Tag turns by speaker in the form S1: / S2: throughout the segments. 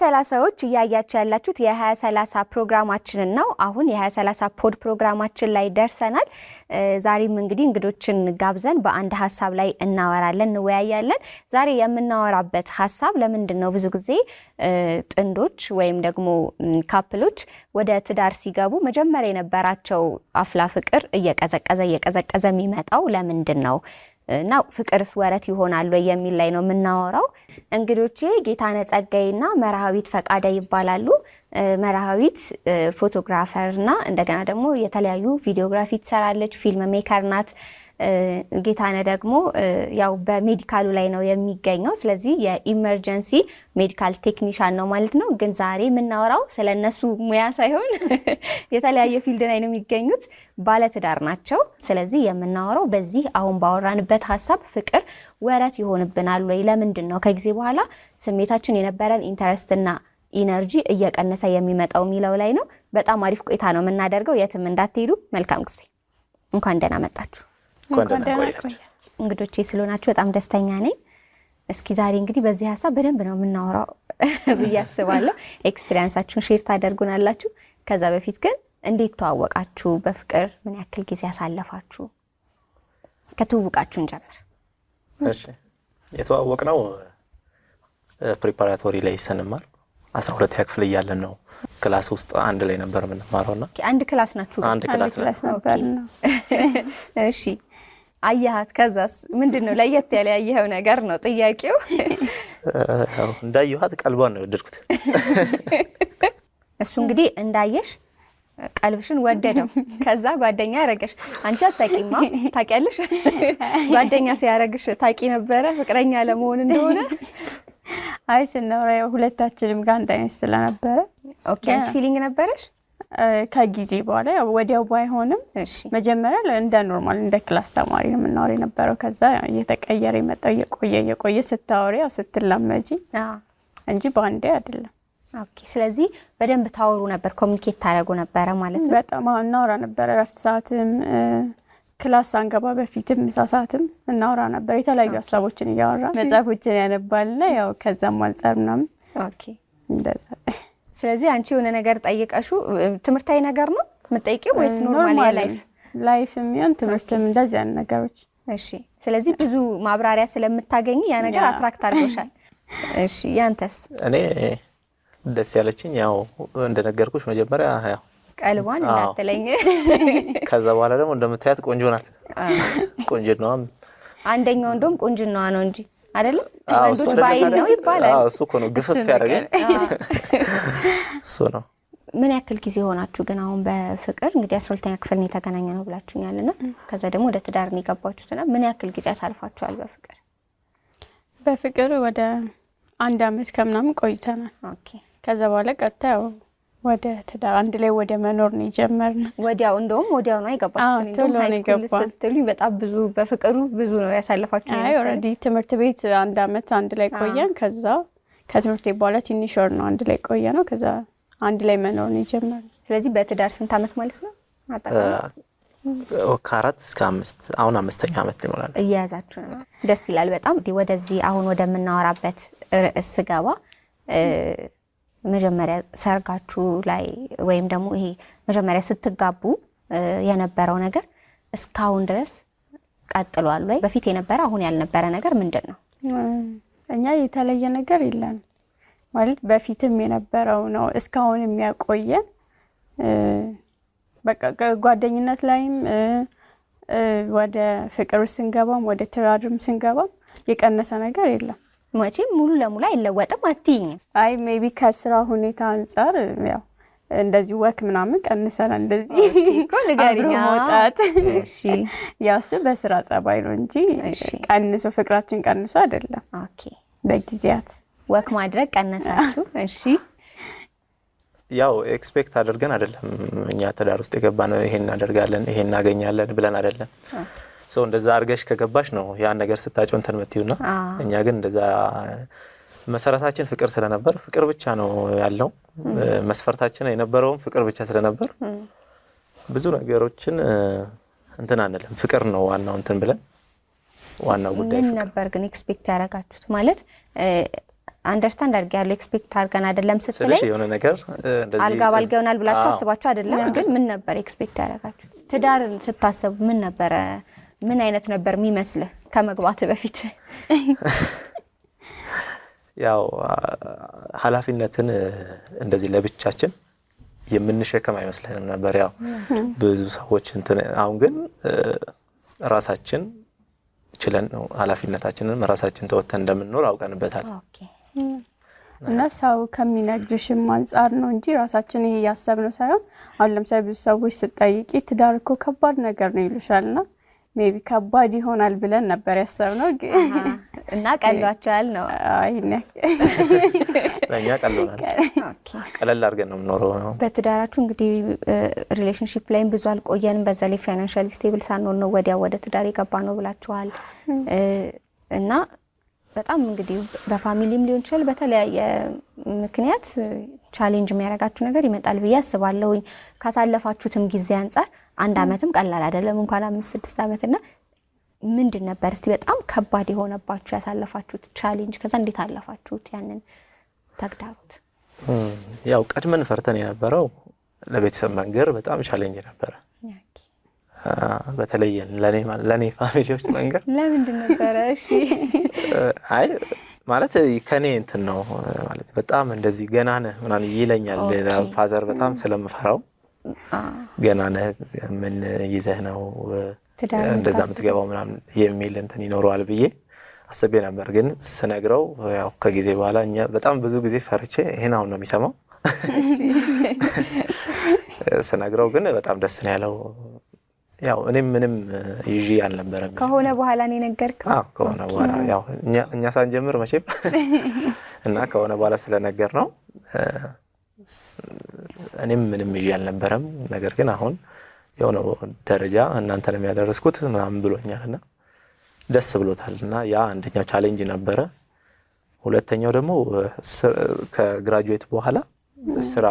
S1: ሰላሳዎች እያያችሁ ያላችሁት የሀያ ሰላሳ ፕሮግራማችንን ነው። አሁን የሀያ ሰላሳ ፖድ ፕሮግራማችን ላይ ደርሰናል። ዛሬም እንግዲህ እንግዶችን ጋብዘን በአንድ ሀሳብ ላይ እናወራለን፣ እንወያያለን። ዛሬ የምናወራበት ሀሳብ ለምንድን ነው ብዙ ጊዜ ጥንዶች ወይም ደግሞ ካፕሎች ወደ ትዳር ሲገቡ መጀመሪያ የነበራቸው አፍላ ፍቅር እየቀዘቀዘ እየቀዘቀዘ የሚመጣው ለምንድን ነው እና ፍቅርስ ወረት ይሆናል ወይ የሚል ላይ ነው የምናወራው። እንግዶቼ ጌታነ ጸጋይና መርሃዊት ፈቃደ ይባላሉ። መርሃዊት ፎቶግራፈር እና እንደገና ደግሞ የተለያዩ ቪዲዮግራፊ ትሰራለች፣ ፊልም ሜከር ናት። ጌታነ ደግሞ ያው በሜዲካሉ ላይ ነው የሚገኘው። ስለዚህ የኢመርጀንሲ ሜዲካል ቴክኒሻን ነው ማለት ነው። ግን ዛሬ የምናወራው ስለ እነሱ ሙያ ሳይሆን የተለያየ ፊልድ ላይ ነው የሚገኙት፣ ባለትዳር ናቸው። ስለዚህ የምናወራው በዚህ አሁን ባወራንበት ሀሳብ ፍቅር ወረት ይሆንብናል ወይ፣ ለምንድን ነው ከጊዜ በኋላ ስሜታችን የነበረን ኢንተረስትና ኢነርጂ እየቀነሰ የሚመጣው የሚለው ላይ ነው። በጣም አሪፍ ቆይታ ነው የምናደርገው። የትም እንዳትሄዱ። መልካም ጊዜ። እንኳን ደህና መጣችሁ። እንግዶቼ ስለሆናችሁ በጣም ደስተኛ ነኝ። እስኪ ዛሬ እንግዲህ በዚህ ሀሳብ በደንብ ነው የምናወራው ብዬ አስባለሁ። ኤክስፒሪያንሳችሁን ሼር ታደርጉናላችሁ። ከዛ በፊት ግን እንዴት ተዋወቃችሁ? በፍቅር ምን ያክል ጊዜ አሳለፋችሁ ከትውውቃችሁን ጀምር።
S2: የተዋወቅ ነው ፕሪፓራቶሪ ላይ ስንማር አስራ ክፍል እያለን ነው። ክላስ ውስጥ አንድ ላይ ነበር
S1: አንድ ክላስ ናችሁ?
S2: አንድ ክላስ ነበር።
S1: እሺ አየሃት? ከዛስ ምንድን ነው ለየት ያለ ያየኸው ነገር ነው ጥያቄው።
S2: እንዳየኋት ቀልቧን ነው የወደድኩት።
S1: እሱ እንግዲህ እንዳየሽ ቀልብሽን ወደደው። ከዛ ጓደኛ ያረገሽ። አንቺ አታቂማ ታቂያለሽ። ጓደኛ ሲያረግሽ ታቂ ነበረ ፍቅረኛ ለመሆን እንደሆነ?
S3: አይ ስናወራ ሁለታችንም ጋር አንድ ስለነበረ
S1: አንቺ ፊሊንግ ነበረሽ?
S3: ከጊዜ በኋላ ያው ወዲያው ባይሆንም መጀመሪያ እንደ ኖርማል እንደ ክላስ ተማሪ ነው የምናወር የነበረው። ከዛ እየተቀየረ የመጣው እየቆየ እየቆየ ስታወሪ ያው ስትላመጂ እንጂ በአንዴ አይደለም።
S1: ኦኬ። ስለዚህ በደንብ ታወሩ ነበር፣ ኮሚኒኬት ታደረጉ ነበረ ማለት ነው።
S3: በጣም እናወራ ነበረ። ረፍት ሰዓትም ክላስ አንገባ በፊትም ምሳ ሰዓትም እናወራ ነበር። የተለያዩ ሀሳቦችን እያወራ መጽሐፎችን ያነባልና ያው ከዛም አንጻር ምናምን
S1: እንደዛ ስለዚህ አንቺ የሆነ ነገር ጠይቀሹ ትምህርታዊ ነገር ነው የምጠይቂው ወይስ ኖርማል ላይፍ
S3: ላይፍ የሚሆን ትምህርትም እንደዚህ አይነት ነገሮች?
S1: እሺ። ስለዚህ ብዙ ማብራሪያ ስለምታገኝ ያ ነገር አትራክት አድርጎሻል። እሺ፣ ያንተስ?
S2: እኔ ደስ ያለችኝ ያው እንደነገርኩሽ መጀመሪያ ያው
S1: ቀልቧን እንዳትለኝ፣
S2: ከዛ በኋላ ደግሞ እንደምታያት ቆንጆ ናት። ቆንጅናዋም
S1: አንደኛው እንደውም ቆንጅናዋ ነው እንጂ አይደለም ወንዶች በአይን ነው ይባላል።
S2: እሱ እኮ ነው ግፍፍ ያደረገኝ እሱ ነው።
S1: ምን ያክል ጊዜ ሆናችሁ ግን አሁን በፍቅር እንግዲህ አስራ ሁለተኛ ክፍል የተገናኘ ነው ብላችሁኛል እና ከዛ ደግሞ ወደ ትዳር ነው እና ምን ያክል ጊዜ አሳልፋችኋል በፍቅር?
S3: በፍቅር ወደ አንድ አመት ከምናምን ቆይተናል። ከዛ በኋላ ቀጥታ ያው ወደ ትዳር አንድ ላይ ወደ መኖር ነው የጀመርነው።
S1: ወዲያው እንደውም ወዲያው ነው የገባችሁት በጣም ብዙ በፍቅሩ ብዙ ነው ያሳለፋችሁ።
S3: ኦልሬዲ ትምህርት ቤት አንድ አመት አንድ ላይ ቆየን። ከዛ ከትምህርት ቤት በኋላ ትንሽ ወር ነው አንድ ላይ ቆየ ነው። ከዛ አንድ ላይ መኖር ነው የጀመርነው።
S1: ስለዚህ በትዳር ስንት አመት ማለት ነው?
S2: ከአራት እስከ አምስት አሁን አምስተኛ አመት ሊሞላል።
S1: እያያዛችሁ ነው። ደስ ይላል በጣም። ወደዚህ አሁን ወደምናወራበት ርዕስ ስገባ መጀመሪያ ሰርጋችሁ ላይ ወይም ደግሞ ይሄ መጀመሪያ ስትጋቡ የነበረው ነገር እስካሁን ድረስ ቀጥሏል ወይ? በፊት የነበረ አሁን ያልነበረ ነገር ምንድን ነው?
S3: እኛ የተለየ ነገር የለን? ማለት በፊትም የነበረው ነው እስካሁን የሚያቆየን በቃ ጓደኝነት ላይም ወደ ፍቅር ስንገባም ወደ ትዳርም ስንገባም የቀነሰ ነገር የለም።
S1: መቼም ሙሉ ለሙሉ አይለወጥም አትይኝም።
S3: አይ ቢ ከስራ ሁኔታ አንጻር ያው እንደዚህ ወክ ምናምን ቀንሰናል። እንደዚህ
S1: አብሮ መውጣት
S3: ያው እሱ በስራ ጸባይ ነው እንጂ ቀንሶ ፍቅራችን ቀንሶ አይደለም። ኦኬ በጊዜያት
S1: ወክ ማድረግ ቀነሳችሁ? እሺ
S2: ያው ኤክስፔክት አድርገን አይደለም እኛ ትዳር ውስጥ የገባ ነው። ይሄን እናደርጋለን፣ ይሄን እናገኛለን ብለን አይደለም ሰው እንደዛ አርገሽ ከገባሽ ነው ያን ነገር ስታጭው እንትን የምትይውና እኛ ግን እንደዛ መሰረታችን ፍቅር ስለነበር ፍቅር ብቻ ነው ያለው። መስፈርታችን የነበረውም ፍቅር ብቻ ስለነበር ብዙ ነገሮችን እንትን አንልም። ፍቅር ነው ዋናው እንትን ብለን ዋናው ጉዳይ ምን
S1: ነበር ግን ኤክስፔክት ያደረጋችሁት ማለት አንደርስታንድ አድርጌ ያለው ኤክስፔክት አድርገን አይደለም ስትለኝ የሆነ ነገር አልጋ ባልጋ ይሆናል ብላችሁ አስባችሁ አይደለም። ግን ምን ነበር ኤክስፔክት ያደረጋችሁት? ትዳር ስታሰቡ ምን ነበረ ምን አይነት ነበር የሚመስልህ ከመግባት በፊት?
S2: ያው ኃላፊነትን እንደዚህ ለብቻችን የምንሸከም አይመስልህንም ነበር። ያው ብዙ ሰዎች እንትን አሁን ግን ራሳችን ችለን ነው ኃላፊነታችንን ራሳችን ተወተን እንደምንኖር አውቀንበታል።
S3: እና ሰው ከሚነግድሽም አንጻር ነው እንጂ ራሳችን ይሄ እያሰብነው ሳይሆን አሁን ለምሳሌ ብዙ ሰዎች ስጠይቂ ትዳር እኮ ከባድ ነገር ነው ይሉሻል እና ቢ ከባድ ይሆናል ብለን ነበር ያሰብነው
S1: እና ቀሏቸዋል ነው።
S2: ቀለል አድርገን ነው የምኖረው።
S1: በትዳራችሁ እንግዲህ ሪሌሽንሽፕ ላይም ብዙ አልቆየንም። በዛ ላይ ፋይናንሻል ስቴብል ሳንሆን ነው ወዲያ ወደ ትዳር የገባ ነው ብላችኋል እና በጣም እንግዲህ በፋሚሊም ሊሆን ይችላል በተለያየ ምክንያት ቻሌንጅ የሚያደርጋችሁ ነገር ይመጣል ብዬ አስባለሁኝ። ካሳለፋችሁትም ጊዜ አንጻር አንድ አመትም ቀላል አይደለም እንኳን አምስት ስድስት አመትና ምንድን ነበር እስቲ በጣም ከባድ የሆነባችሁ ያሳለፋችሁት ቻሌንጅ፣ ከዛ እንዴት አለፋችሁት ያንን ተግዳሮት?
S2: ያው ቀድመን ፈርተን የነበረው ለቤተሰብ መንገር በጣም ቻሌንጅ ነበረ። በተለየ ለእኔ ፋሚሊዎች መንገር
S1: ለምንድን ነበረ? እሺ
S2: አይ ማለት ከኔ እንትን ነው ማለት በጣም እንደዚህ ገና ነህ ምናምን ይለኛል ፋዘር በጣም ስለምፈራው ገና ነህ ምን ይዘህ ነው እንደዛ የምትገባው ምናምን የሚል እንትን ይኖረዋል ብዬ አስቤ ነበር። ግን ስነግረው ያው ከጊዜ በኋላ እኛ በጣም ብዙ ጊዜ ፈርቼ ይህን አሁን ነው የሚሰማው ስነግረው ግን በጣም ደስ ነው ያለው። ያው እኔም ምንም ይዤ አልነበረም።
S1: ከሆነ በኋላ ነው የነገርከው?
S2: ከሆነ በኋላ ያው እኛ ሳንጀምር መቼም እና ከሆነ በኋላ ስለነገር ነው። እኔም ምንም ይዤ አልነበረም። ነገር ግን አሁን የሆነ ደረጃ እናንተንም ያደረስኩት ምናምን ብሎኛል እና ደስ ብሎታል እና ያ አንደኛው ቻሌንጅ ነበረ። ሁለተኛው ደግሞ ከግራጁዌት በኋላ ስራ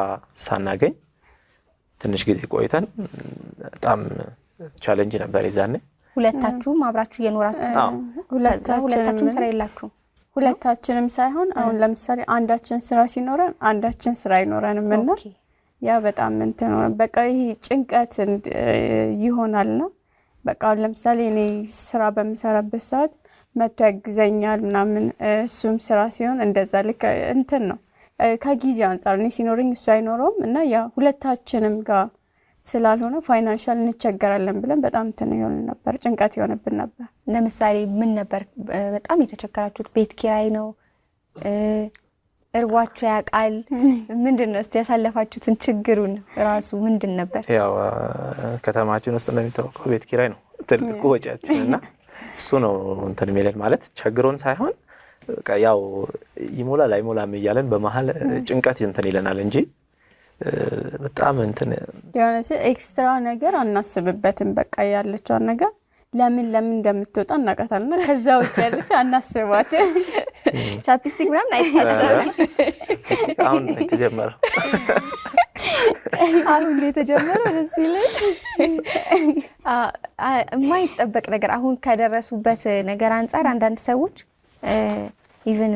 S2: ሳናገኝ ትንሽ ጊዜ ቆይተን በጣም ቻለንጅ ነበር የዛኔ።
S1: ሁለታችሁም አብራችሁ እየኖራችሁ ሁለታችሁም ስራ የላችሁም?
S3: ሁለታችንም ሳይሆን አሁን ለምሳሌ አንዳችን ስራ ሲኖረን አንዳችን ስራ አይኖረንም እና ያ በጣም እንትን በቃ ይሄ ጭንቀት ይሆናል ነው በቃ አሁን ለምሳሌ እኔ ስራ በምሰራበት ሰዓት መቶ ያግዘኛል ምናምን፣ እሱም ስራ ሲሆን እንደዛ ልክ እንትን ነው ከጊዜ አንጻር እኔ ሲኖረኝ እሱ አይኖረውም እና ያ ሁለታችንም ጋር ስላልሆነ ፋይናንሻል እንቸገራለን ብለን በጣም እንትን ይሆን ነበር፣ ጭንቀት ይሆንብን ነበር።
S1: ለምሳሌ ምን ነበር በጣም የተቸገራችሁት? ቤት ኪራይ ነው? እርቧችሁ ያውቃል? ምንድን ነው እስኪ ያሳለፋችሁትን ችግሩን ራሱ ምንድን ነበር?
S2: ያው ከተማችን ውስጥ እንደሚታወቀው ቤት ኪራይ ነው ትልቁ ወጪያችን እና እሱ ነው እንትን የሚለን ማለት ቸግሮን ሳይሆን ያው ይሞላል አይሞላም እያለን በመሀል ጭንቀት እንትን ይለናል እንጂ በጣም እንትን
S3: የሆነች ኤክስትራ ነገር አናስብበትም። በቃ ያለችዋን ነገር ለምን ለምን እንደምትወጣ እናውቃታልና ከዛ ውጭ ያለች አናስባት።
S1: ቻፕስቲክ ምናምን አይታሰብም።
S2: አሁን የተጀመረው
S1: አሁን የተጀመረ ደስ ይለኝ። የማይጠበቅ ነገር አሁን ከደረሱበት ነገር አንጻር አንዳንድ ሰዎች ኢቨን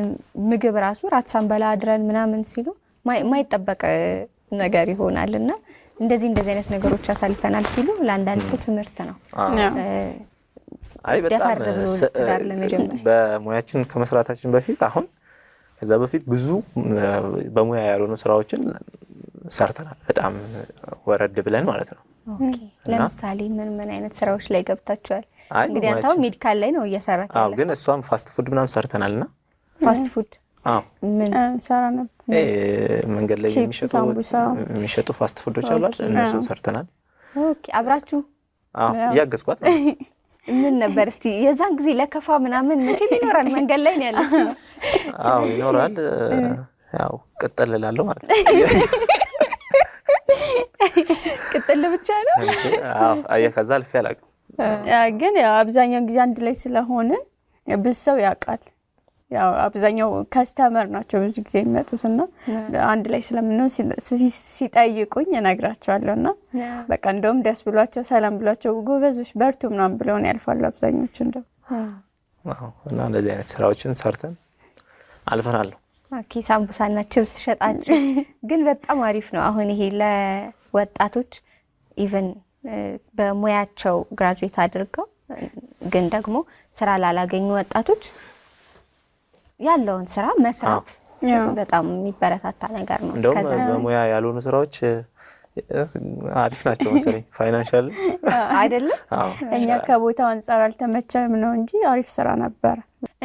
S1: ምግብ ራሱ ራት ሳንበላ አድረን ምናምን ሲሉ ማይጠበቅ ነገር ይሆናል እና እንደዚህ እንደዚህ አይነት ነገሮች አሳልፈናል ሲሉ ለአንዳንድ ሰው ትምህርት ነው።
S2: በሙያችን ከመስራታችን በፊት አሁን ከዛ በፊት ብዙ በሙያ ያልሆኑ ስራዎችን ሰርተናል። በጣም ወረድ ብለን ማለት ነው።
S1: ለምሳሌ ምን ምን አይነት ስራዎች ላይ ገብታችኋል? እንግዲህ አንተ ሜዲካል ላይ ነው እየሰራህ
S2: ግን እሷም ፋስት ፉድ ምናምን ሰርተናል እና ፋስት ፉድ መንገድ ላይ የሚሸጡ ፋስት ፉዶች አሏል። እነሱ ሰርተናል። አብራችሁ እያገዝኳት
S1: ምን ነበር እስቲ የዛን ጊዜ ለከፋ ምናምን መቼም ይኖራል። መንገድ ላይ ነው ያለችው።
S2: ይኖራል። ያው ቅጥል እላለሁ ማለት ነው።
S1: ቅጥል ብቻ ነው።
S2: ከዛ አልፌ አላውቅም።
S3: ግን ያው አብዛኛውን ጊዜ አንድ ላይ ስለሆንን ብዙ ሰው ያውቃል ያው አብዛኛው ከስተመር ናቸው ብዙ ጊዜ የሚመጡት እና አንድ ላይ ስለምንሆን ሲጠይቁኝ እነግራቸዋለሁ እና በቃ እንደውም ደስ ብሏቸው ሰላም ብሏቸው ጎበዞች በርቱ ምናምን ብለውን ያልፋሉ አብዛኞቹ። እንደው
S2: እና እንደዚህ አይነት ስራዎችን ሰርተን አልፈናለሁ።
S1: ሳምቡሳና ችብስ ሸጣችሁ ግን በጣም አሪፍ ነው። አሁን ይሄ ለወጣቶች ኢቨን በሙያቸው ግራጁዌት አድርገው ግን ደግሞ ስራ ላላገኙ ወጣቶች ያለውን ስራ መስራት በጣም የሚበረታታ ነገር ነው።
S2: እንደውም በሙያ ያልሆኑ ስራዎች አሪፍ ናቸው መሰለኝ። ፋይናንሻል
S1: አይደለም
S3: እኛ ከቦታ አንጻር አልተመቸም ነው እንጂ አሪፍ ስራ ነበረ።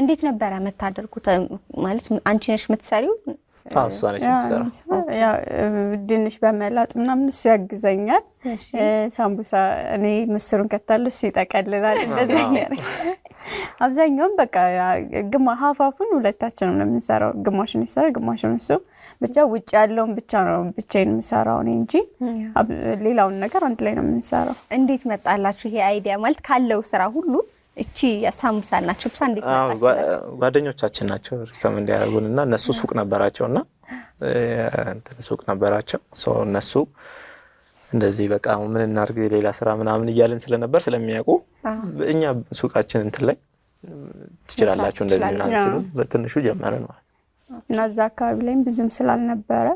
S1: እንዴት ነበረ የምታደርጉት? ማለት አንቺ ነሽ የምትሰሪው?
S3: ድንሽ በመላጥ ምናምን እሱ ያግዘኛል። ሳምቡሳ እኔ ምስሩን ከታለሁ እሱ ይጠቀልላል። እንደዚህ አብዛኛውም በቃ ሀፋፉን ሁለታችን ነው የምንሰራው። ግማሽን ይሰራ ግማሽን እሱ ብቻ ውጭ ያለውን ብቻ ነው ብቻዬን የምሰራው እኔ እንጂ ሌላውን ነገር አንድ ላይ ነው የምንሰራው።
S1: እንዴት መጣላችሁ ይሄ አይዲያ? ማለት ካለው ስራ ሁሉ እቺ ሳምቡሳ ናቸው ብሳ እንዴት መጣችሁ?
S2: ጓደኞቻችን ናቸው ሪከመንድ እንዲያደርጉን እና እነሱ ሱቅ ነበራቸው እና ሱቅ ነበራቸው እነሱ እንደዚህ በቃ ምን እናርግ ሌላ ስራ ምናምን እያለን ስለነበር ስለሚያውቁ እኛ ሱቃችን እንትን ላይ ትችላላችሁ እንደዚህ ሲሉ በትንሹ ጀመረ ነው
S3: እና እዛ አካባቢ ላይም ብዙም ስላልነበረ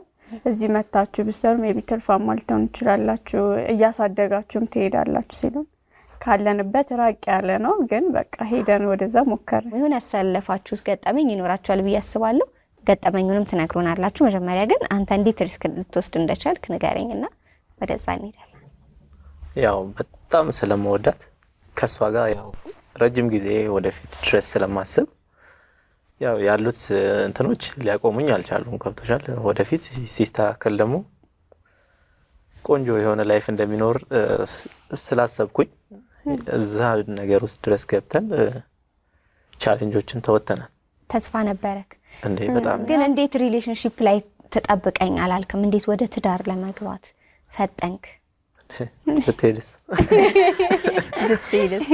S3: እዚህ መታችሁ ብሰሩ ሜይ ቢ ትርፋማ ትችላላችሁ፣ እያሳደጋችሁም ትሄዳላችሁ ሲሉ ካለንበት ራቅ ያለ ነው ግን በቃ ሄደን ወደዛ ሞከረ።
S1: ይሁን ያሳለፋችሁት ገጠመኝ ይኖራችኋል ብዬ አስባለሁ። ገጠመኙንም ትነግሩናላችሁ። መጀመሪያ ግን አንተ እንዴት ሪስክ ልትወስድ እንደቻልክ ንገረኝና ወደዛ እንሄዳለን።
S2: ያው በጣም ስለመወዳት ከእሷ ጋር ያው ረጅም ጊዜ ወደፊት ድረስ ስለማስብ ያው ያሉት እንትኖች ሊያቆሙኝ አልቻሉም። ገብቶሻል። ወደፊት ሲስተካከል ደግሞ ቆንጆ የሆነ ላይፍ እንደሚኖር ስላሰብኩኝ እዛ ነገር ውስጥ ድረስ ገብተን ቻሌንጆችን ተወጥተናል።
S1: ተስፋ ነበረክ ግን እንዴት ሪሌሽንሽፕ ላይ ትጠብቀኝ አላልክም? እንዴት ወደ ትዳር ለመግባት ፈጠንክ? ብትሄድስ ብትሄድስ?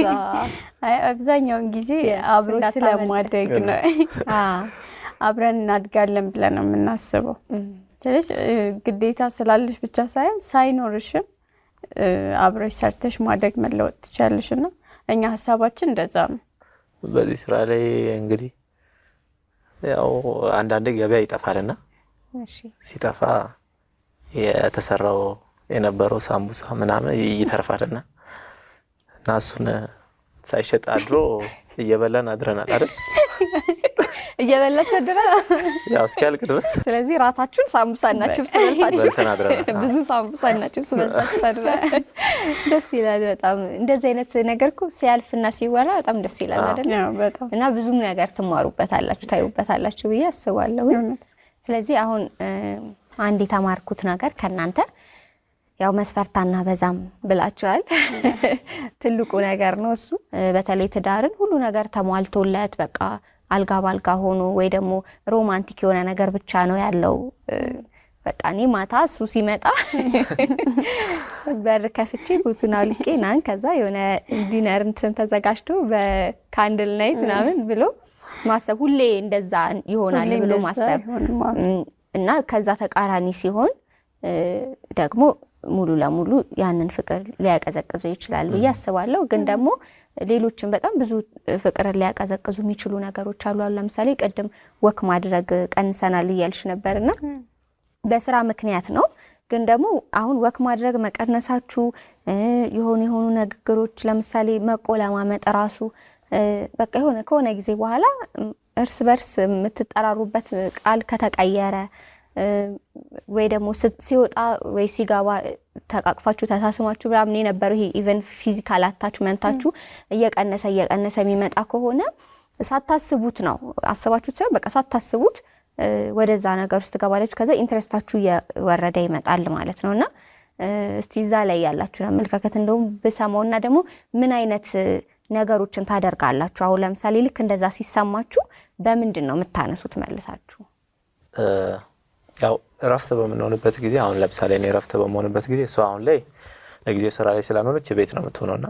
S3: አብዛኛውን ጊዜ አብሮ ስለማደግ ነው። አብረን እናድጋለን ብለን ነው የምናስበው። ስለሽ ግዴታ ስላለሽ ብቻ ሳይሆን ሳይኖርሽም አብረሽ ሰርተሽ ማደግ መለወጥ ትቻለሽ እና እኛ ሀሳባችን እንደዛ ነው።
S2: በዚህ ስራ ላይ እንግዲህ ያው አንዳንዴ ገበያ ይጠፋልና ሲጠፋ የተሰራው የነበረው ሳምቡሳ ምናምን ይተርፋልና እና እሱን ሳይሸጥ አድሮ እየበላን አድረናል አይደል?
S1: እየበላች አድረናል
S2: ያው እስኪያልቅ ድረስ።
S1: ስለዚህ ራታችሁን እና ችብስ በልታችሁ ብዙ እና ችብስ በልታችሁ አድረናል። ደስ ይላል በጣም እንደዚህ አይነት ነገር እኮ ሲያልፍና ሲወራ በጣም ደስ ይላል አይደል? እና ብዙም ነገር ትማሩበታላችሁ፣ ታዩበታላችሁ ብዬ አስባለሁ። ስለዚህ አሁን አንድ የተማርኩት ነገር ከእናንተ ያው መስፈርታና በዛም ብላችኋል። ትልቁ ነገር ነው እሱ። በተለይ ትዳርን ሁሉ ነገር ተሟልቶለት በቃ አልጋ ባልጋ ሆኖ ወይ ደግሞ ሮማንቲክ የሆነ ነገር ብቻ ነው ያለው። በቃ እኔ ማታ እሱ ሲመጣ
S3: በር ከፍቼ ጉቱን አውልቄ ናን ከዛ የሆነ ዲነር እንትን ተዘጋጅቶ በካንድል ናይት ምናምን ብሎ
S1: ማሰብ ሁሌ እንደዛ ይሆናል ብሎ ማሰብ እና ከዛ ተቃራኒ ሲሆን ደግሞ ሙሉ ለሙሉ ያንን ፍቅር ሊያቀዘቅዙ ይችላሉ ብዬ አስባለሁ። ግን ደግሞ ሌሎችም በጣም ብዙ ፍቅርን ሊያቀዘቅዙ የሚችሉ ነገሮች አሉ። ለምሳሌ ቅድም ወክ ማድረግ ቀንሰናል እያልሽ ነበርና በስራ ምክንያት ነው። ግን ደግሞ አሁን ወክ ማድረግ መቀነሳችሁ የሆኑ የሆኑ ንግግሮች ለምሳሌ መቆለማመጥ ራሱ በቃ የሆነ ከሆነ ጊዜ በኋላ እርስ በርስ የምትጠራሩበት ቃል ከተቀየረ ወይ ደግሞ ሲወጣ ወይ ሲገባ ተቃቅፋችሁ ተሳስማችሁ ምናምን የነበረው ይሄ ኢቨን ፊዚካል አታችመንታችሁ እየቀነሰ እየቀነሰ የሚመጣ ከሆነ ሳታስቡት ነው አስባችሁት ሳይሆን በቃ ሳታስቡት ወደዛ ነገር ውስጥ ትገባለች። ከዛ ኢንትረስታችሁ እየወረደ ይመጣል ማለት ነው እና እስቲ እዛ ላይ ያላችሁን አመለካከት እንደውም ብሰማውና ደግሞ ምን አይነት ነገሮችን ታደርጋላችሁ? አሁን ለምሳሌ ልክ እንደዛ ሲሰማችሁ በምንድን ነው የምታነሱት መልሳችሁ?
S2: ያው እረፍት በምንሆንበት ጊዜ አሁን ለምሳሌ እኔ እረፍት በምሆንበት ጊዜ እሷ አሁን ላይ ለጊዜው ስራ ላይ ስላልሆነች ቤት ነው የምትሆነው እና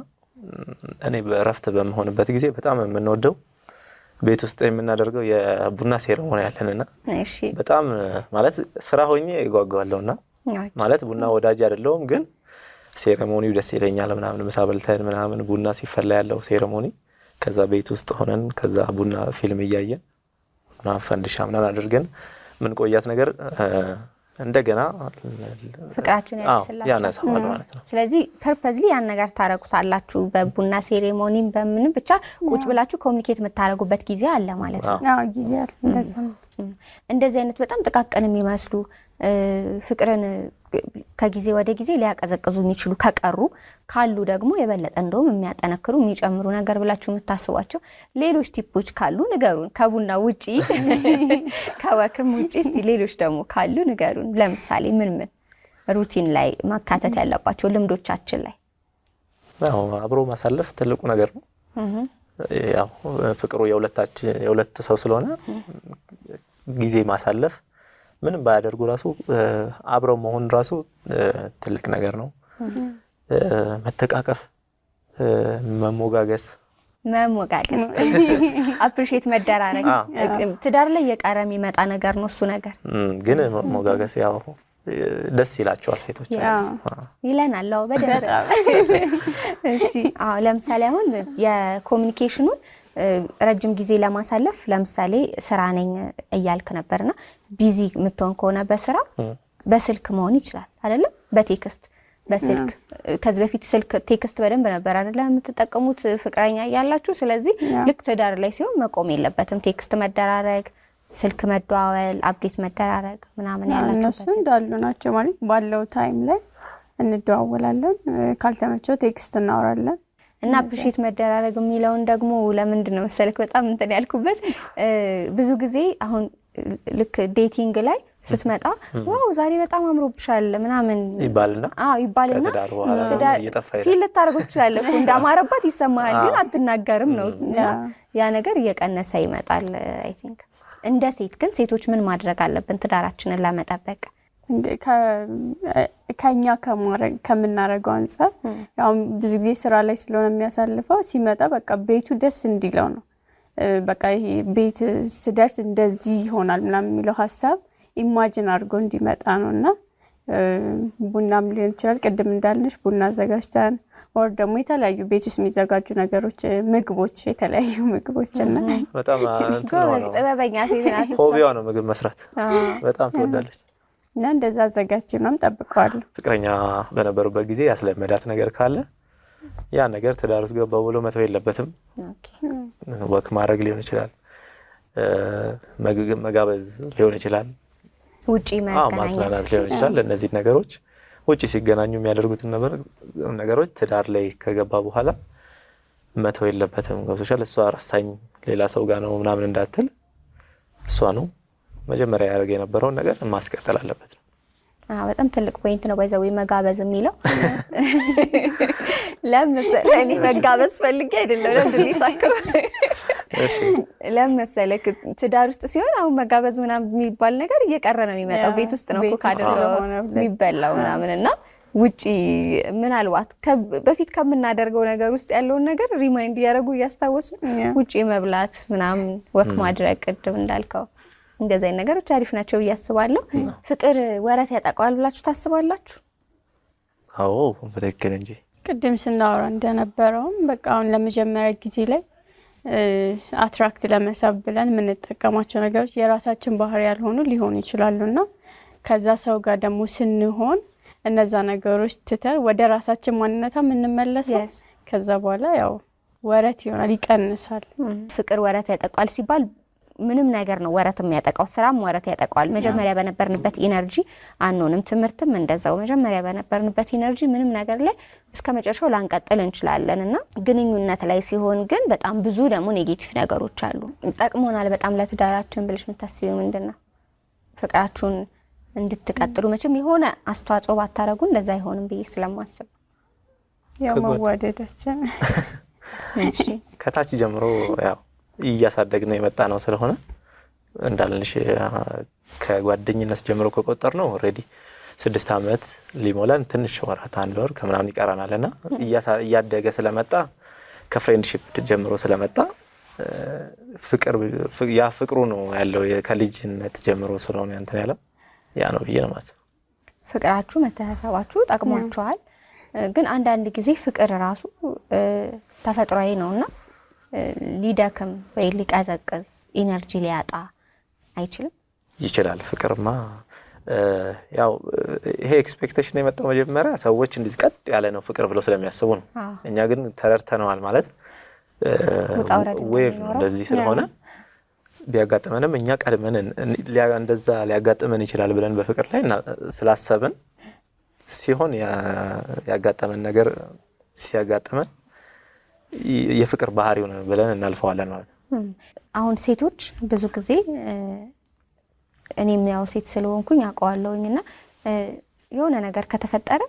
S2: እኔ በእረፍት በምሆንበት ጊዜ በጣም የምንወደው ቤት ውስጥ የምናደርገው የቡና ሴረሞኒ ያለንና በጣም ማለት ስራ ሆኜ ና ማለት ቡና ወዳጅ አይደለሁም፣ ግን ሴረሞኒው ደስ ይለኛል ምናምን ምሳ በልተን ምናምን ቡና ሲፈላ ያለው ሴረሞኒ ከዛ ቤት ውስጥ ሆነን ከዛ ቡና ፊልም እያየን ቡና ፈንድሻ ምናምን አድርገን ቆያት ነገር እንደገና ፍቅራችሁን ያነሳዋል ማለት
S1: ነው። ስለዚህ ፐርፐዝሊ ያን ነገር ታረጉታላችሁ። በቡና ሴሬሞኒም በምንም ብቻ ቁጭ ብላችሁ ኮሚኒኬት የምታደረጉበት ጊዜ አለ ማለት ነው። ጊዜ እንደዚህ አይነት በጣም ጥቃቅን የሚመስሉ ፍቅርን ከጊዜ ወደ ጊዜ ሊያቀዘቅዙ የሚችሉ ከቀሩ ካሉ ደግሞ የበለጠ እንደውም የሚያጠነክሩ የሚጨምሩ ነገር ብላችሁ የምታስቧቸው ሌሎች ቲፖች ካሉ ንገሩን። ከቡና ውጪ ከወክም ውጪ እስቲ ሌሎች ደግሞ ካሉ ንገሩን። ለምሳሌ ምን ምን ሩቲን ላይ ማካተት ያለባቸው ልምዶቻችን ላይ
S2: አብሮ ማሳለፍ ትልቁ ነገር ነው። ያው ፍቅሩ የሁለት ሰው ስለሆነ ጊዜ ማሳለፍ ምንም ባያደርጉ ራሱ አብረው መሆን ራሱ ትልቅ ነገር ነው። መተቃቀፍ፣ መሞጋገስ
S1: መሞጋገስ አፕሪሼት መደራረግ ትዳር ላይ የቀረ የሚመጣ ነገር ነው። እሱ ነገር
S2: ግን መሞጋገስ ያው ደስ ይላቸዋል ሴቶች
S1: ይለናል። በደንብ ለምሳሌ አሁን የኮሚኒኬሽኑን ረጅም ጊዜ ለማሳለፍ ለምሳሌ ስራ ነኝ እያልክ ነበርና ቢዚ የምትሆን ከሆነ በስራ በስልክ መሆን ይችላል አይደለም በቴክስት በስልክ ከዚህ በፊት ስልክ ቴክስት በደንብ ነበር አይደለ የምትጠቀሙት ፍቅረኛ እያላችሁ ስለዚህ ልክ ትዳር ላይ ሲሆን መቆም የለበትም ቴክስት መደራረግ ስልክ መደዋወል አፕዴት መደራረግ ምናምን
S3: ያላችሁ እነሱ እንዳሉ ናቸው ማለት ባለው ታይም ላይ እንደዋወላለን ካልተመቸው ቴክስት እናወራለን
S1: እና አፕሪሼት መደራረግ የሚለውን ደግሞ ለምንድን ነው መሰለክ በጣም እንትን ያልኩበት ብዙ ጊዜ አሁን ልክ ዴቲንግ ላይ ስትመጣ ዋው ዛሬ በጣም አምሮብሻል ምናምን ይባልና ይባልና ልታደርጎ ትችላለ እንዳማረባት ይሰማሃል፣ ግን አትናገርም ነው ያ ነገር እየቀነሰ ይመጣል። አይ ቲንክ እንደ ሴት ግን ሴቶች ምን ማድረግ አለብን ትዳራችንን ለመጠበቅ?
S3: ከኛ ከምናደርገው አንጻር ያው ብዙ ጊዜ ስራ ላይ ስለሆነ የሚያሳልፈው ሲመጣ በቃ ቤቱ ደስ እንዲለው ነው። በቃ ይሄ ቤት ስደርስ እንደዚህ ይሆናል ምናምን የሚለው ሀሳብ ኢማጅን አድርጎ እንዲመጣ ነው እና ቡናም ሊሆን ይችላል። ቅድም እንዳልንሽ ቡና አዘጋጅተን ወር ደግሞ የተለያዩ ቤት ውስጥ የሚዘጋጁ ነገሮች፣ ምግቦች፣ የተለያዩ ምግቦች እና
S2: በጣም ጥበበኛ ሴት ናት። ሆቢዋ ነው ምግብ መስራት በጣም ትወዳለች።
S3: እና እንደዛ አዘጋጅ ምናምን ጠብቀዋለሁ።
S2: ፍቅረኛ በነበሩበት ጊዜ ያስለመዳት ነገር ካለ ያ ነገር ትዳር ውስጥ ገባ ብሎ መተው የለበትም። ወክ ማድረግ ሊሆን ይችላል፣ መጋበዝ ሊሆን ይችላል፣ ውጪ ማስናናት ሊሆን ይችላል። እነዚህ ነገሮች ውጪ ሲገናኙ የሚያደርጉትን ነገሮች ትዳር ላይ ከገባ በኋላ መተው የለበትም። ገብቶሻል? እሷ ረሳኝ ሌላ ሰው ጋር ነው ምናምን እንዳትል እሷ ነው መጀመሪያ ያደርግ የነበረውን ነገር ማስቀጠል አለበት ነው።
S1: በጣም ትልቅ ፖይንት ነው። ባይዘዌ መጋበዝ የሚለው ለምሳሌ እኔ መጋበዝ ፈልጌ አይደለም ለምድ ለምሳሌ ትዳር ውስጥ ሲሆን አሁን መጋበዝ ምናምን የሚባል ነገር እየቀረ ነው የሚመጣው። ቤት ውስጥ ነው ኩክ የሚበላው ምናምን እና ውጪ ምናልባት በፊት ከምናደርገው ነገር ውስጥ ያለውን ነገር ሪማይንድ እያደረጉ እያስታወሱ ውጪ መብላት ምናምን ወክ ማድረግ ቅድም እንዳልከው እንደዚህ ነገሮች አሪፍ ናቸው ብዬ አስባለሁ። ፍቅር ወረት ያጠቃዋል ብላችሁ ታስባላችሁ?
S2: አዎ በትክክል እንጂ
S3: ቅድም ስናወራ እንደነበረውም በቃ አሁን ለመጀመሪያ ጊዜ ላይ አትራክት ለመሳብ ብለን የምንጠቀማቸው ነገሮች የራሳችን ባህሪ ያልሆኑ ሊሆኑ ይችላሉና ከዛ ሰው ጋር ደግሞ ስንሆን እነዛ ነገሮች ትተን ወደ ራሳችን ማንነታ የምንመለሰው ከዛ በኋላ ያው ወረት ይሆናል፣ ይቀንሳል።
S1: ፍቅር ወረት ያጠቋል ሲባል ምንም ነገር ነው ወረት የሚያጠቃው። ስራም ወረት ያጠቃዋል። መጀመሪያ በነበርንበት ኢነርጂ አንሆንም። ትምህርትም እንደዛው መጀመሪያ በነበርንበት ኢነርጂ ምንም ነገር ላይ እስከ መጨረሻው ላንቀጥል እንችላለን እና ግንኙነት ላይ ሲሆን ግን በጣም ብዙ ደግሞ ኔጌቲቭ ነገሮች አሉ። ጠቅሞናል በጣም ለትዳራችን ብልሽ የምታስቢው ምንድን ነው? ፍቅራችሁን እንድትቀጥሉ መቼም የሆነ አስተዋጽኦ ባታረጉ እንደዛ አይሆንም ብዬ ስለማስብ
S3: ያው መዋደዳችን
S2: ከታች ጀምሮ ያው እያሳደግ ነው የመጣ ነው ስለሆነ እንዳልንሽ ከጓደኝነት ጀምሮ ከቆጠር ነው ኦልሬዲ ስድስት ዓመት ሊሞላን ትንሽ ወራት አንድ ወር ከምናምን ይቀራናል እና እያደገ ስለመጣ ከፍሬንድሽፕ ጀምሮ ስለመጣ ያ ፍቅሩ ነው ያለው ከልጅነት ጀምሮ ስለሆነ እንትን ያለው ያ ነው ብዬ ነው ማሰብ።
S1: ፍቅራችሁ መተሳሰባችሁ ጠቅሟችኋል። ግን አንዳንድ ጊዜ ፍቅር ራሱ ተፈጥሯዊ ነው እና ሊደክም ወይ ሊቀዘቅዝ ኢነርጂ ሊያጣ አይችልም?
S2: ይችላል። ፍቅርማ ያው ይሄ ኤክስፔክቴሽን የመጣው መጀመሪያ ሰዎች እንደዚህ ቀጥ ያለ ነው ፍቅር ብለው ስለሚያስቡ ነው። እኛ ግን ተረድተነዋል ማለት ዌቭ ነው እንደዚህ ስለሆነ ቢያጋጥመንም እኛ ቀድመን እንደዛ ሊያጋጥመን ይችላል ብለን በፍቅር ላይ ስላሰብን ሲሆን ያጋጠመን ነገር ሲያጋጥመን የፍቅር ባህሪው ነው ብለን እናልፈዋለን ማለት ነው።
S1: አሁን ሴቶች ብዙ ጊዜ እኔም ያው ሴት ስለሆንኩኝ አውቀዋለሁኝ እና የሆነ ነገር ከተፈጠረ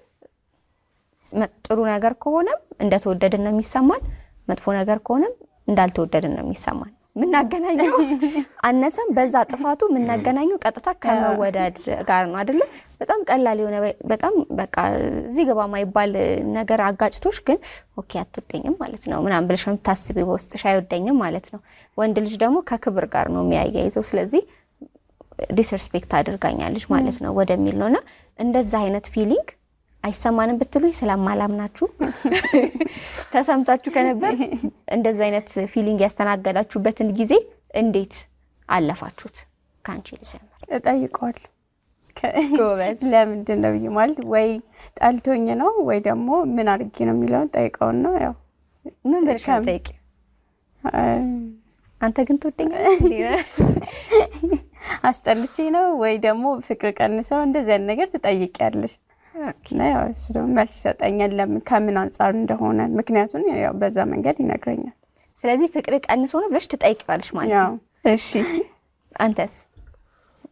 S1: ጥሩ ነገር ከሆነም እንደተወደድን ነው የሚሰማን፣ መጥፎ ነገር ከሆነም እንዳልተወደድን ነው የሚሰማን። የምናገናኘው አነሰም በዛ ጥፋቱ የምናገናኘው ቀጥታ ከመወደድ ጋር ነው አይደለ? በጣም ቀላል የሆነ በጣም በቃ እዚህ ገባ ማይባል ነገር አጋጭቶች፣ ግን ኦኬ አትወደኝም ማለት ነው ምናምን ብለሽ ነው በውስጥሽ አይወደኝም ማለት ነው። ወንድ ልጅ ደግሞ ከክብር ጋር ነው የሚያያይዘው። ስለዚህ ዲስርስፔክት አድርጋኛለች ማለት ነው ወደሚል ነውና እንደዛ አይነት ፊሊንግ አይሰማንም ብትሉ ብትሉኝ ናችሁ ተሰምታችሁ ከነበር እንደዚህ አይነት ፊሊንግ ያስተናገዳችሁበትን ጊዜ እንዴት አለፋችሁት? ከአንቺ
S3: ልጀምር። ጎበዝ ለምንድን ነው ብዬ ማለት ወይ ጠልቶኝ ነው ወይ ደግሞ ምን አድርጌ ነው የሚለውን ጠይቀውን ነው ያው
S1: ምን ብለሽ ጠይቅ። አንተ ግን ትወደኛለህ
S3: አስጠልቼ ነው ወይ ደግሞ ፍቅር ቀንሰው እንደዚያን አይነት ነገር ትጠይቂያለሽ እና ያው እሱ ደግሞ መልስ ይሰጠኛል፣ ለምን ከምን አንጻር እንደሆነ ምክንያቱን ያው በዛ መንገድ ይነግረኛል።
S1: ስለዚህ ፍቅር ቀንሶ ነው ብለሽ ትጠይቂዋለሽ ማለት ነው። እሺ አንተስ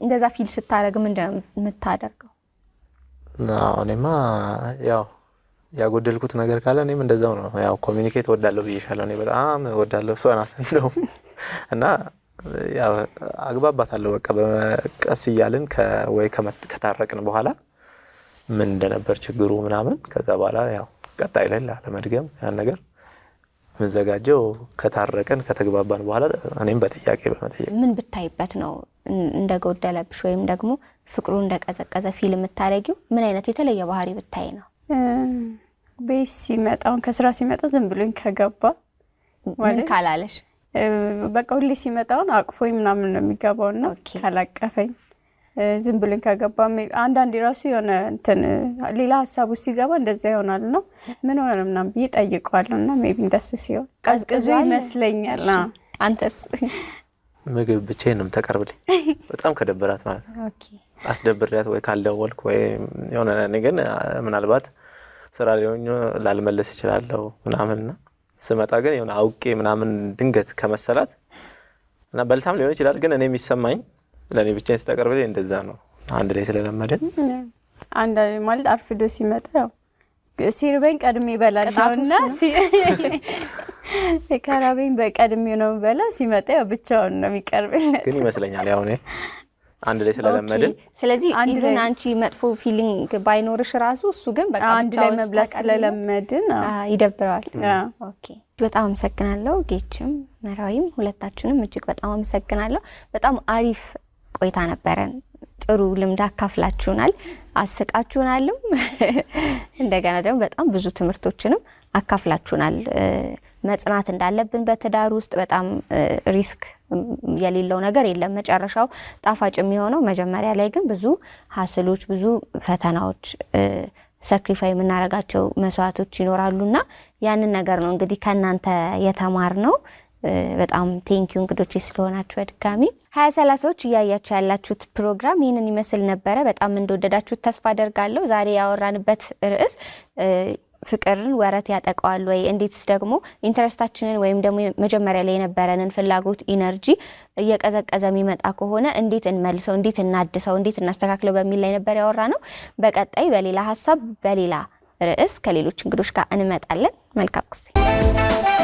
S1: እንደዛ ፊል ስታደርግ ምንድን ነው የምታደርገው?
S2: እኔማ ያው ያጎደልኩት ነገር ካለ እኔም እንደዛው ነው። ያው ኮሚኒኬት ወዳለሁ ብዬሻለሁ። እኔ በጣም ወዳለሁ እሷ ናት እንደውም እና አግባባት አለው በቃ በቀስ እያልን ወይ ከታረቅን በኋላ ምን እንደነበር ችግሩ ምናምን። ከዛ በኋላ ያው ቀጣይ ላይ ለመድገም ያን ነገር የምዘጋጀው ከታረቀን ከተግባባን በኋላ እኔም በጥያቄ በመጠየቅ
S1: ምን ብታይበት ነው እንደጎደለብሽ ወይም ደግሞ ፍቅሩ እንደቀዘቀዘ ፊል የምታደርጊው ምን አይነት የተለየ ባህሪ ብታይ ነው?
S3: ቤት ሲመጣውን ከስራ ሲመጣ ዝም ብሎኝ ከገባ
S1: ምን ካላለሽ
S3: በቃ ሁሌ ሲመጣውን አቅፎኝ ምናምን ነው የሚገባውና ካላቀፈኝ ዝም ብልን ከገባ አንዳንድ ራሱ የሆነ እንትን ሌላ ሀሳብ ውስጥ ሲገባ እንደዛ ይሆናል ነው ምን ሆነ ምናምን ብዬ ጠይቀዋለሁ። እና ሜይ ቢ እንደሱ ሲሆን ቀዝቅዞ ይመስለኛል።
S1: አንተስ
S2: ምግብ ብቻዬን ነው የምታቀርብልኝ? በጣም ከደበራት ማለት አስደብሪያት፣ ወይ ካልደወልኩ ወይ የሆነ እኔ ግን ምናልባት ስራ ሊሆን ላልመለስ ይችላለው ምናምን ምናምንና ስመጣ ግን የሆነ አውቄ ምናምን ድንገት ከመሰላት እና በልታም ሊሆን ይችላል ግን እኔ የሚሰማኝ ለእኔ ብቻዬን ስታቀርብልኝ እንደዛ ነው። አንድ ላይ ስለለመደን
S3: አንድ ማለት አርፍዶ ሲመጣ ያው ሲርበኝ ቀድሜ ይበላልና ከራበኝ በቀድሜ ነው በላ ሲመጣ ያው ብቻውን ነው የሚቀርብለት።
S2: ግን ይመስለኛል ያው እኔ አንድ ላይ ስለለመድን
S1: ስለዚህ ኢቨን አንቺ መጥፎ ፊሊንግ ባይኖርሽ ራሱ እሱ ግን
S3: በቃ አንድ ላይ መብላት ስለለመድን
S1: ይደብረዋል። ኦኬ በጣም አመሰግናለሁ ጌችም መራዊም ሁለታችንም እጅግ በጣም አመሰግናለሁ። በጣም አሪፍ ቆይታ ነበረን። ጥሩ ልምድ አካፍላችሁናል፣ አስቃችሁናልም። እንደገና ደግሞ በጣም ብዙ ትምህርቶችንም አካፍላችሁናል። መጽናት እንዳለብን በትዳር ውስጥ በጣም ሪስክ የሌለው ነገር የለም። መጨረሻው ጣፋጭ የሚሆነው መጀመሪያ ላይ ግን ብዙ ሀስሎች፣ ብዙ ፈተናዎች፣ ሰክሪፋይ የምናደርጋቸው መስዋዕቶች ይኖራሉና ያንን ነገር ነው እንግዲህ ከእናንተ የተማር ነው። በጣም ቴንኪዩ እንግዶቼ ስለሆናችሁ በድጋሚ ሀያ ሰላሳዎች እያያችሁ ያላችሁት ፕሮግራም ይህንን ይመስል ነበረ። በጣም እንደወደዳችሁት ተስፋ አደርጋለሁ። ዛሬ ያወራንበት ርዕስ ፍቅርን ወረት ያጠቀዋል ወይ፣ እንዴትስ ደግሞ ኢንተረስታችንን ወይም ደግሞ መጀመሪያ ላይ የነበረንን ፍላጎት ኢነርጂ እየቀዘቀዘ የሚመጣ ከሆነ እንዴት እንመልሰው፣ እንዴት እናድሰው፣ እንዴት እናስተካክለው በሚል ላይ ነበር ያወራ ነው። በቀጣይ በሌላ ሀሳብ በሌላ ርዕስ ከሌሎች እንግዶች ጋር እንመጣለን። መልካም ጊዜ